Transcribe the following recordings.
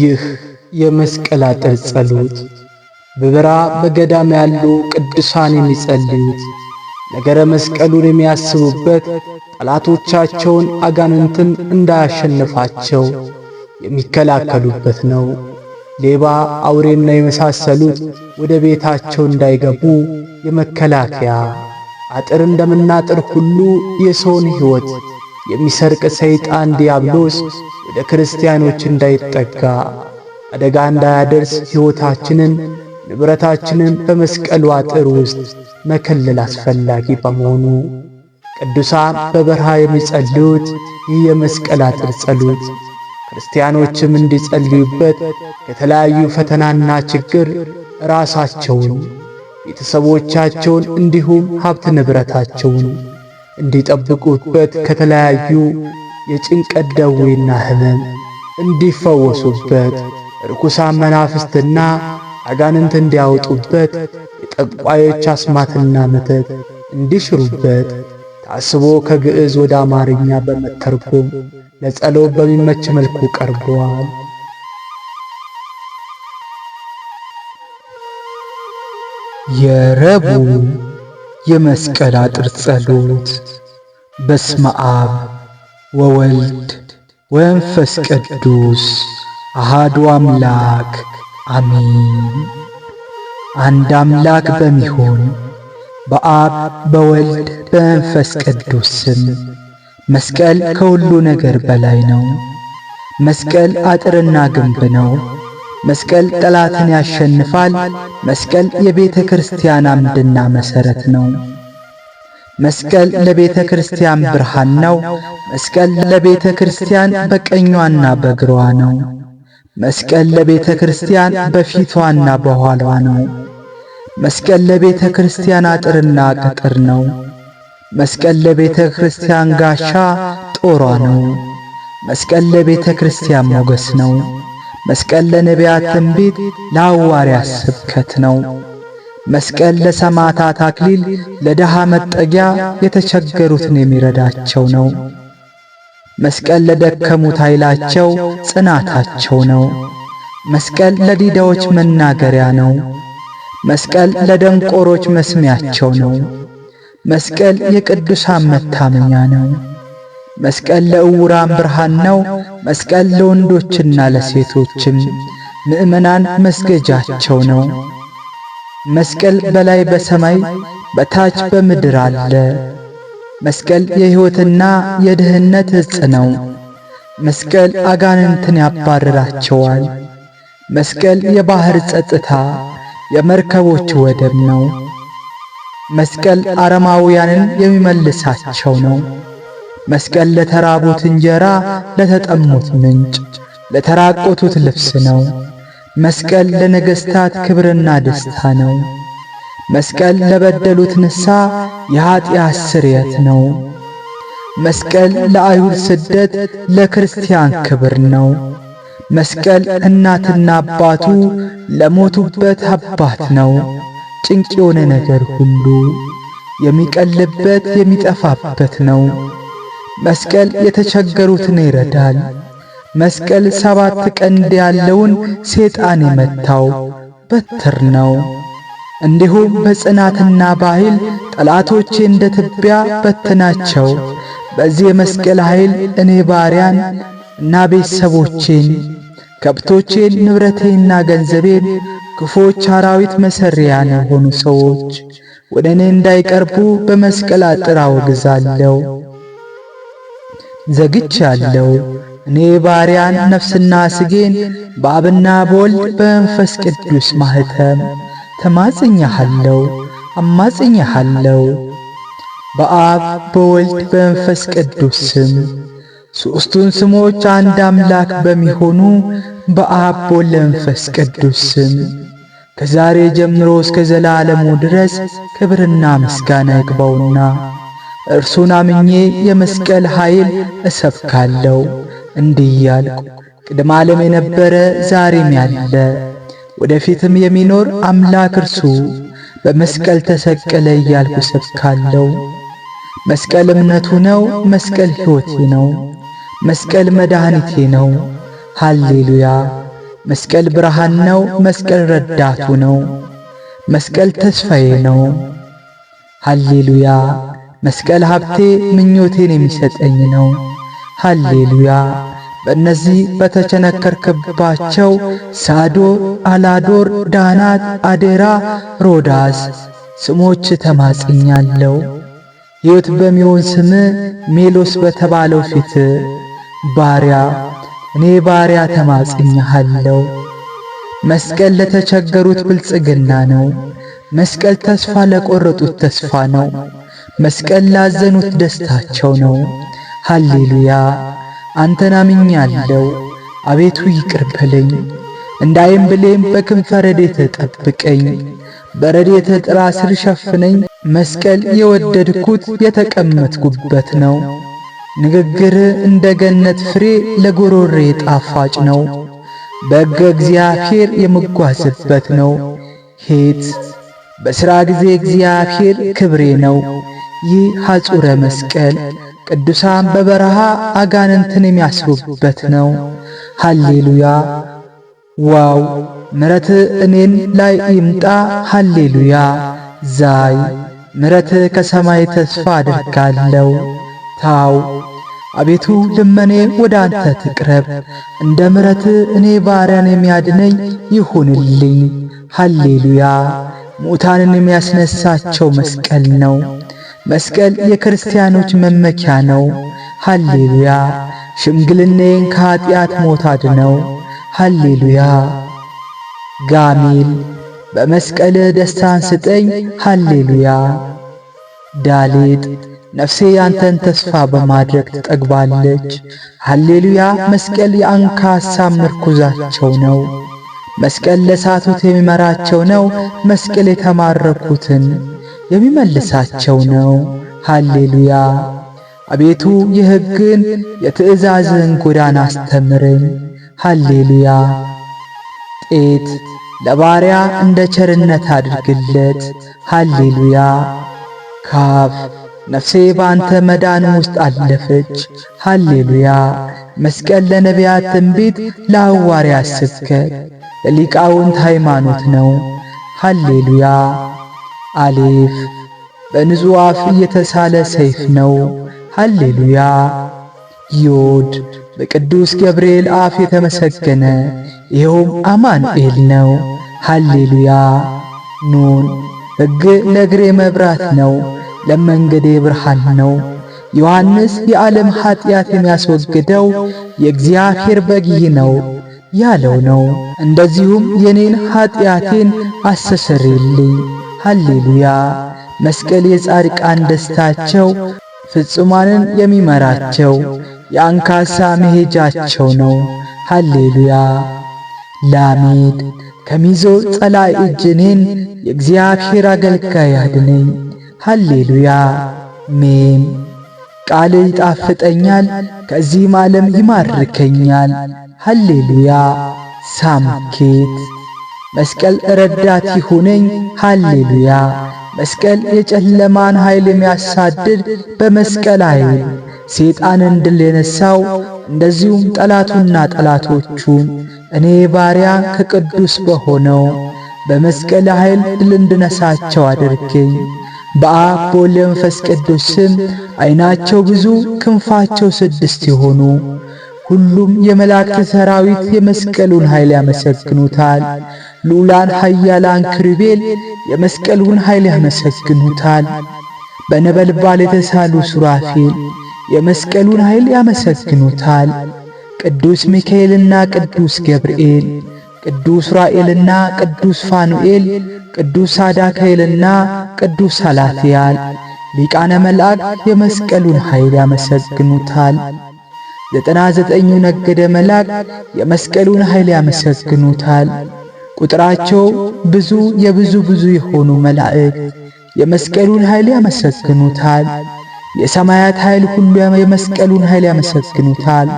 ይህ የመስቀል አጥር ጸሎት በበራ በገዳም ያሉ ቅዱሳን የሚጸልዩት ነገረ መስቀሉን የሚያስቡበት ጠላቶቻቸውን አጋንንትን እንዳያሸንፋቸው የሚከላከሉበት ነው። ሌባ፣ አውሬና የመሳሰሉት ወደ ቤታቸው እንዳይገቡ የመከላከያ አጥር እንደምናጥር ሁሉ የሰውን ሕይወት የሚሰርቅ ሰይጣን ዲያብሎስ ወደ ክርስቲያኖች እንዳይጠጋ አደጋ እንዳያደርስ ሕይወታችንን ንብረታችንን በመስቀሉ አጥር ውስጥ መከለል አስፈላጊ በመሆኑ ቅዱሳን በበረሃ የሚጸልዩት ይህ የመስቀል አጥር ጸሎት ክርስቲያኖችም እንዲጸልዩበት ከተለያዩ ፈተናና ችግር ራሳቸውን ቤተሰቦቻቸውን እንዲሁም ሀብት ንብረታቸውን እንዲጠብቁበት ከተለያዩ የጭንቀት ደዌና ህመም እንዲፈወሱበት ርኩሳን መናፍስትና አጋንንት እንዲያወጡበት የጠቋዮች አስማትና መተት እንዲሽሩበት ታስቦ ከግዕዝ ወደ አማርኛ በመተርጎም ለጸሎት በሚመች መልኩ ቀርበዋል። የረቡዕ የመስቀል አጥር ጸሎት በስመ አብ ወወልድ ወመንፈስ ቅዱስ አሃዱ አምላክ አሜን። አንድ አምላክ በሚሆን በአብ በወልድ በመንፈስ ቅዱስ ስም መስቀል ከሁሉ ነገር በላይ ነው። መስቀል አጥርና ግንብ ነው። መስቀል ጠላትን ያሸንፋል። መስቀል የቤተ ክርስቲያን አምድና መሠረት ነው። መስቀል ለቤተ ክርስቲያን ብርሃን ነው። መስቀል ለቤተ ክርስቲያን በቀኟና በግሯ ነው። መስቀል ለቤተ ክርስቲያን በፊቷና በኋሏ ነው። መስቀል ለቤተ ክርስቲያን አጥርና ቅጥር ነው። መስቀል ለቤተ ክርስቲያን ጋሻ ጦሯ ነው። መስቀል ለቤተ ክርስቲያን ሞገስ ነው። መስቀል ለነቢያት ትንቢት፣ ለሐዋርያት ስብከት ነው። መስቀል ለሰማዕታት አክሊል፣ ለድሃ መጠጊያ፣ የተቸገሩትን የሚረዳቸው ነው። መስቀል ለደከሙት ኃይላቸው፣ ጽናታቸው ነው። መስቀል ለዲዳዎች መናገሪያ ነው። መስቀል ለደንቆሮች መስሚያቸው ነው። መስቀል የቅዱሳን መታመኛ ነው። መስቀል ለዕውራን ብርሃን ነው። መስቀል ለወንዶችና ለሴቶችም ምእመናን መስገጃቸው ነው። መስቀል በላይ በሰማይ በታች በምድር አለ። መስቀል የሕይወትና የድህነት ዕፅ ነው። መስቀል አጋንንትን ያባረራቸዋል። መስቀል የባህር ጸጥታ፣ የመርከቦች ወደብ ነው። መስቀል አረማውያንን የሚመልሳቸው ነው። መስቀል ለተራቡት እንጀራ፣ ለተጠሙት ምንጭ፣ ለተራቆቱት ልብስ ነው። መስቀል ለነገሥታት ክብርና ደስታ ነው። መስቀል ለበደሉት ንሳ የኀጢአት ስርየት ነው። መስቀል ለአይሁድ ስደት፣ ለክርስቲያን ክብር ነው። መስቀል እናትና አባቱ ለሞቱበት አባት ነው። ጭንቅ የሆነ ነገር ሁሉ የሚቀልበት የሚጠፋበት ነው። መስቀል የተቸገሩትን ይረዳል። መስቀል ሰባት ቀንድ ያለውን ሰይጣን የመታው በትር ነው። እንዲሁም በጽናትና ባህል ጠላቶቼ እንደ ትቢያ በትናቸው። በዚህ የመስቀል ኃይል እኔ ባሪያን እና ቤተሰቦቼን፣ ከብቶቼን፣ ንብረቴና ገንዘቤን ክፉዎች አራዊት መሰሪያን የሆኑ ሰዎች ወደ እኔ እንዳይቀርቡ በመስቀል አጥር አወግዛለሁ። ዘግቻለሁ። እኔ ባሪያን ነፍስና ስጌን በአብና በወልድ በመንፈስ ቅዱስ ማህተም ተማጽኛሃለሁ፣ አማጽኛሃለሁ። በአብ በወልድ በመንፈስ ቅዱስ ስም ሦስቱን ስሞች አንድ አምላክ በሚሆኑ በአብ በወልድ በመንፈስ ቅዱስ ስም ከዛሬ ጀምሮ እስከ ዘላለሙ ድረስ ክብርና ምስጋና ይግባውና እርሱን አምኜ የመስቀል ኃይል እሰብካለሁ እንዲህ እያልኩ ቅድመ ዓለም የነበረ ዛሬም ያለ ወደፊትም የሚኖር አምላክ እርሱ በመስቀል ተሰቀለ እያልኩ እሰብካለሁ። መስቀል እምነቱ ነው። መስቀል ሕይወቴ ነው። መስቀል መድኃኒቴ ነው። ሃሌሉያ! መስቀል ብርሃን ነው። መስቀል ረዳቱ ነው። መስቀል ተስፋዬ ነው። ሃሌሉያ! መስቀል ሀብቴ ምኞቴን የሚሰጠኝ ነው። ሃሌሉያ! በእነዚህ በተቸነከርክባቸው ሳዶር፣ አላዶር፣ ዳናት፣ አዴራ፣ ሮዳስ ስሞች ተማጽኛለሁ። ሕይወት በሚሆን ስም ሜሎስ በተባለው ፊት ባሪያ እኔ ባሪያ ተማጽኛለሁ። መስቀል ለተቸገሩት ብልጽግና ነው። መስቀል ተስፋ ለቆረጡት ተስፋ ነው። መስቀል ላዘኑት ደስታቸው ነው። ሃሌሉያ አንተን አምኛለሁ፣ አቤቱ ይቅርበለኝ በለኝ። እንዳይም ብሌም በክንፈ ረድኤትህ ጠብቀኝ፣ በረድኤትህ ጥላ ስር ሸፍነኝ። መስቀል የወደድኩት የተቀመጥኩበት ነው። ንግግር እንደ ገነት ፍሬ ለጎሮሬ ጣፋጭ ነው። በሕገ እግዚአብሔር የምጓዝበት ነው። ሄት በሥራ ጊዜ እግዚአብሔር ክብሬ ነው። ይህ ሐጹረ መስቀል ቅዱሳን በበረሃ አጋንንትን የሚያስሩበት ነው። ሃሌሉያ! ዋው! ምረት እኔን ላይ ይምጣ። ሃሌሉያ! ዛይ ምረት ከሰማይ ተስፋ አድርጋለሁ። ታው አቤቱ ልመኔ ወደ አንተ ትቅረብ። እንደ ምረት እኔ ባሪያን የሚያድነኝ ይሁንልኝ። ሃሌሉያ! ሙታንን የሚያስነሳቸው መስቀል ነው። መስቀል የክርስቲያኖች መመኪያ ነው። ሃሌሉያ! ሽምግልናዬን ከኀጢአት ሞት አድነው። ሃሌሉያ! ጋሜል በመስቀል ደስታን ስጠኝ። ሃሌሉያ! ዳሌጥ ነፍሴ ያንተን ተስፋ በማድረግ ትጠግባለች። ሃሌሉያ! መስቀል የአንካሳ ምርኩዛቸው ነው። መስቀል ለሳቱት የሚመራቸው ነው። መስቀል የተማረኩትን የሚመልሳቸው ነው። ሃሌሉያ! አቤቱ የሕግን የትእዛዝን ጎዳና አስተምረኝ። ሃሌሉያ! ጤት ለባሪያ እንደ ቸርነት አድርግለት። ሃሌሉያ! ካፍ ነፍሴ በአንተ መዳን ውስጥ አለፈች። ሃሌሉያ! መስቀል ለነቢያት ትንቢት፣ ለሐዋርያት ስብከት፣ ለሊቃውንት ሃይማኖት ነው። ሃሌሉያ! አሌፍ በንጹሕ አፍ የተሳለ ሰይፍ ነው። ሃሌሉያ። ዮድ በቅዱስ ገብርኤል አፍ የተመሰገነ ይኸውም አማኑኤል ነው። ሃሌሉያ። ኑን ሕግ ለእግሬ መብራት ነው፣ ለመንገዴ ብርሃን ነው። ዮሐንስ የዓለም ኀጢአት የሚያስወግደው የእግዚአብሔር በግ ይህ ነው ያለው ነው። እንደዚሁም የኔን ኀጢአቴን አስተሰርይልኝ ሃሌሉያ! መስቀል የጻድቃን ደስታቸው፣ ፍጹማንን የሚመራቸው የአንካሳ መሄጃቸው ነው። ሃሌሉያ! ላሚድ ከሚዞ ጸላይ እጅ እኔን የእግዚአብሔር አገልጋይ አድነኝ። ሃሌሉያ! ሜም ቃል ይጣፍጠኛል፣ ከዚህም ዓለም ይማርከኛል። ሃሌሉያ! ሳምኬት መስቀል ረዳት ይሁነኝ፣ ሃሌሉያ። መስቀል የጨለማን ኃይል የሚያሳድድ በመስቀል ኃይል ሰይጣንን ድል የነሳው እንደዚሁም ጠላቱና ጠላቶቹ እኔ ባሪያ ከቅዱስ በሆነው በመስቀል ኃይል ድል እንድነሳቸው አድርገኝ። በአብ በወልድ በመንፈስ ቅዱስ ስም ዓይናቸው ብዙ ክንፋቸው ስድስት የሆኑ ሁሉም የመላእክት ሰራዊት የመስቀሉን ኃይል ያመሰግኑታል። ሉላን ኃያላን ክሪቤል የመስቀሉን ኃይል ያመሰግኑታል። በነበልባል የተሳሉ ሱራፌል የመስቀሉን ኃይል ያመሰግኑታል። ቅዱስ ሚካኤልና ቅዱስ ገብርኤል፣ ቅዱስ ራኤልና ቅዱስ ፋኑኤል፣ ቅዱስ ሳዳካኤልና ቅዱስ አላፊያል ሊቃነ መልአክ የመስቀሉን ኃይል ያመሰግኑታል። ዘጠና ዘጠኙ ነገደ መላክ የመስቀሉን ኃይል ያመሰግኑታል። ቁጥራቸው ብዙ የብዙ ብዙ የሆኑ መላእክት የመስቀሉን ኃይል ያመሰግኑታል። የሰማያት ኃይል ሁሉ የመስቀሉን ኃይል ያመሰግኑታል።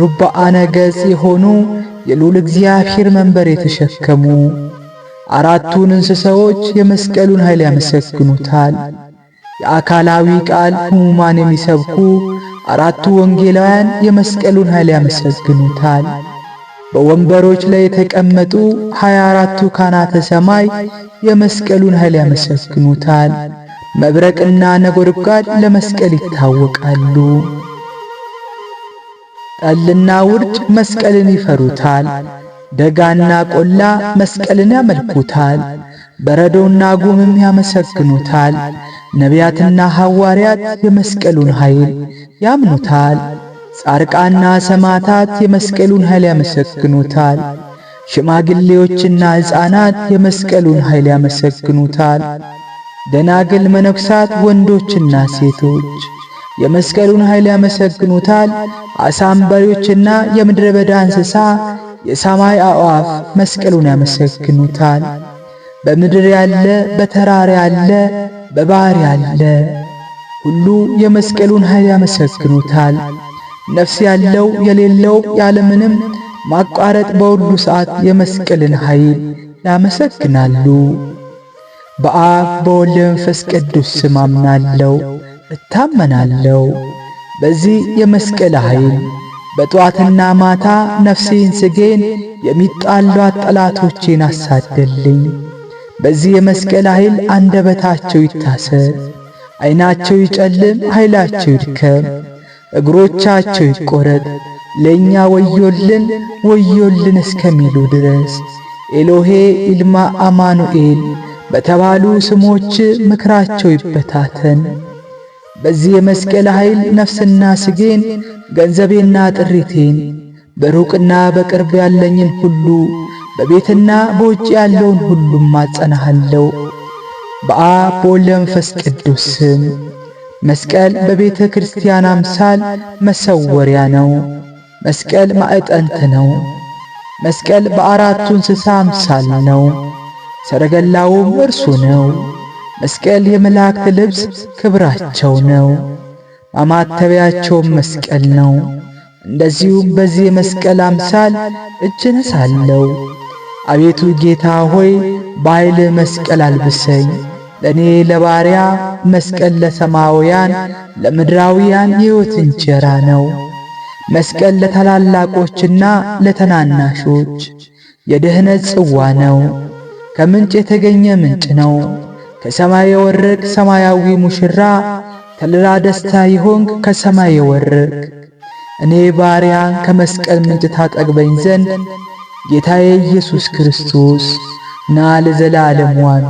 ሩባአ ገጽ የሆኑ የሉል እግዚአብሔር መንበር የተሸከሙ አራቱን እንስሳዎች የመስቀሉን ኃይል ያመሰግኑታል። የአካላዊ ቃል ሕሙማን የሚሰብኩ አራቱ ወንጌላውያን የመስቀሉን ኃይል ያመሰግኑታል። በወንበሮች ላይ የተቀመጡ ሀያ አራቱ ካህናተ ሰማይ የመስቀሉን ኃይል ያመሰግኑታል። መብረቅና ነጎድጓድ ለመስቀል ይታወቃሉ። ጠልና ውርጭ መስቀልን ይፈሩታል። ደጋና ቆላ መስቀልን ያመልኩታል። በረዶውና ጉምም ያመሰግኑታል። ነቢያትና ሐዋርያት የመስቀሉን ኃይል ያምኑታል። ጻርቃና ሰማዕታት የመስቀሉን ኃይል ያመሰግኑታል። ሽማግሌዎችና ሕፃናት የመስቀሉን ኃይል ያመሰግኑታል። ደናግል፣ መነኩሳት፣ ወንዶችና ሴቶች የመስቀሉን ኃይል ያመሰግኑታል። አሳምባሪዎችና የምድረ በዳ እንስሳ፣ የሰማይ አዕዋፍ መስቀሉን ያመሰግኑታል። በምድር ያለ በተራራ ያለ በባህር ያለ ሁሉ የመስቀሉን ኃይል ያመሰግኑታል። ነፍስ ያለው የሌለው ያለምንም ማቋረጥ በሁሉ ሰዓት የመስቀልን ኃይል ያመሰግናሉ። በአብ በወልድ በመንፈስ ቅዱስ ስም አምናለው እታመናለው። በዚህ የመስቀል ኃይል በጠዋትና ማታ ነፍሴን ስጌን የሚጣሏት ጠላቶቼን አሳደልኝ። በዚህ የመስቀል ኃይል አንደበታቸው ይታሰር፣ አይናቸው ይጨልም፣ ኃይላቸው ይድከም፣ እግሮቻቸው ይቆረጥ፣ ለእኛ ወዮልን ወዮልን እስከሚሉ ድረስ ኤሎሄ ኢልማ አማኑኤል በተባሉ ስሞች ምክራቸው ይበታተን። በዚህ የመስቀል ኃይል ነፍስና ስጌን ገንዘቤና ጥሪቴን በሩቅና በቅርብ ያለኝን ሁሉ በቤትና በውጭ ያለውን ሁሉም ማጸናሃለው በአብ በወልድ በመንፈስ ቅዱስ ስም። መስቀል በቤተ ክርስቲያን አምሳል መሰወሪያ ነው። መስቀል ማዕጠንት ነው። መስቀል በአራቱ እንስሳ አምሳል ነው። ሰረገላውም እርሱ ነው። መስቀል የመላእክት ልብስ ክብራቸው ነው። ማማተቢያቸውም መስቀል ነው። እንደዚሁም በዚህ የመስቀል አምሳል እጅ ነሳለው። አቤቱ ጌታ ሆይ በኃይል መስቀል አልብሰኝ። ለእኔ ለባሪያ መስቀል ለሰማውያን ለምድራውያን የሕይወት እንጀራ ነው። መስቀል ለታላላቆችና ለተናናሾች የደህነት ጽዋ ነው። ከምንጭ የተገኘ ምንጭ ነው። ከሰማይ የወረቅ ሰማያዊ ሙሽራ ከለላ ደስታ ይሆንክ ከሰማይ የወረቅ እኔ ባሪያን ከመስቀል ምንጭ ታጠግበኝ ዘንድ ጌታዬ ኢየሱስ ክርስቶስ ና ለዘላለም ዋን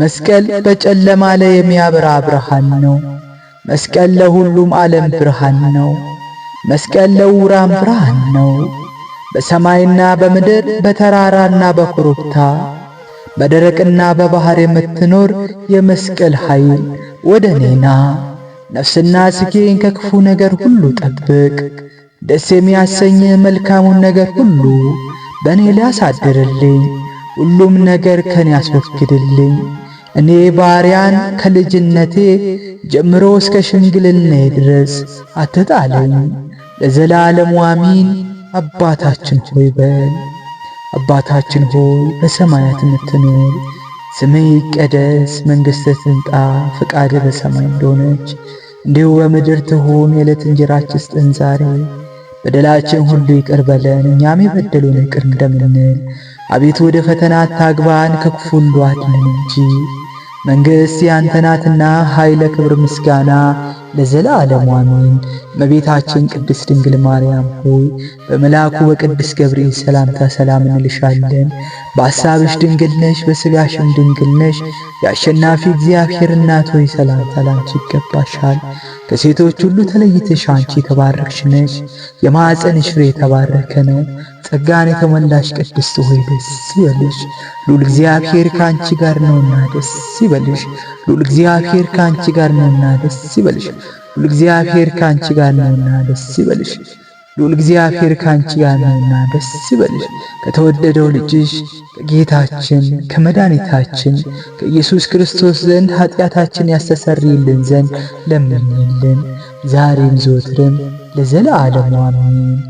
መስቀል በጨለማ ላይ የሚያበራ ብርሃን ነው። መስቀል ለሁሉም ዓለም ብርሃን ነው። መስቀል ለውራም ብርሃን ነው። በሰማይና በምድር በተራራና በኮረብታ በደረቅና በባህር የምትኖር የመስቀል ኃይል ወደ ነፍስና ስጌን ከክፉ ነገር ሁሉ ጠብቅ። ደስ የሚያሰኝ መልካሙን ነገር ሁሉ በእኔ ላይ አሳድርልኝ። ሁሉም ነገር ከኔ ያስወግድልኝ። እኔ ባሪያን ከልጅነቴ ጀምሮ እስከ ሽምግልናዬ ድረስ አትጣለኝ። ለዘላለም አሚን። አባታችን ሆይ በል አባታችን ሆይ በሰማያት የምትኖር ስምህ ይቀደስ፣ መንግሥትህ ትምጣ፣ ፍቃድ በሰማይ እንደሆነች እንዲሁ በምድር ትሁን። የዕለት እንጀራችንን ስጠን ዛሬ በደላችን ሁሉ ይቅር በለን እኛም የበደሉን ይቅር እንደምንል። አቤቱ ወደ ፈተና አታግባን ከክፉ ሁሉ አድነን እንጂ መንግሥት ያንተ ናትና ኃይለ ክብር ምስጋና ለዘላለም አሜን። እመቤታችን ቅድስት ድንግል ማርያም ሆይ በመልአኩ በቅዱስ ገብርኤል ሰላምታ ሰላም እንልሻለን። በሐሳብሽ ድንግል ነሽ፣ በሥጋሽም ድንግል ነሽ። የአሸናፊ እግዚአብሔር እናት ሆይ ሰላምታ ላንቺ ይገባሻል። ከሴቶች ሁሉ ተለይተሽ አንቺ የተባረክሽ ነሽ። የማኅፀንሽ ፍሬ የተባረከ ነው። ጸጋን የተሞላሽ ቅድስት ሆይ ደስ ይበልሽ፣ ሉል እግዚአብሔር ከአንቺ ጋር ነውና ደስ ይበልሽ፣ ሉል እግዚአብሔር ከአንቺ ጋር ነውና ደስ ይበልሽ እግዚአብሔር ካንቺ ጋር ነውና ደስ ይበልሽ። ልዑል እግዚአብሔር ካንቺ ጋር ነውና ደስ ይበልሽ። ከተወደደው ልጅሽ ከጌታችን ከመድኃኒታችን ከኢየሱስ ክርስቶስ ዘንድ ኃጢአታችን ያስተሰርይልን ዘንድ ለምንልን ዛሬም ዘወትርም ለዘለዓለሙ አሜን።